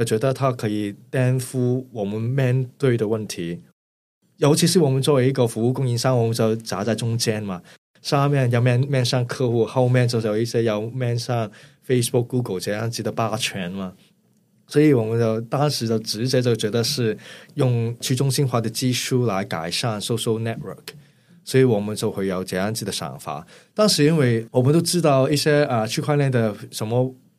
我覺得它可以顛覆我們面對的問題，尤其是我們作為一個服務供應商，我們就夾在中間嘛，上面要面面向客戶，後面就有一些要面向 Facebook、Google 這樣子的霸權嘛，所以我們就當時的直接就覺得是用去中心化的技術來改善 social network，所以我們就會有這樣子的想法。當時因為我們都知道一些啊區塊鏈的什麼。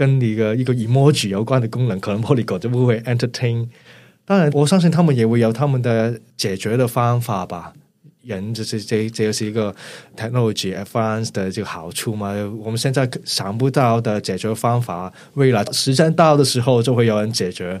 跟你嘅呢個，個 emoji 有關嘅功能，可能我哋搞咗會去 entertain。當然，我相信他們也會有他們的解決的方法吧。人，這、這、這，這是一個 technology advance 的這個好處嘛。我們現在想不到的解決方法，未來時間到的時候就會有人解決。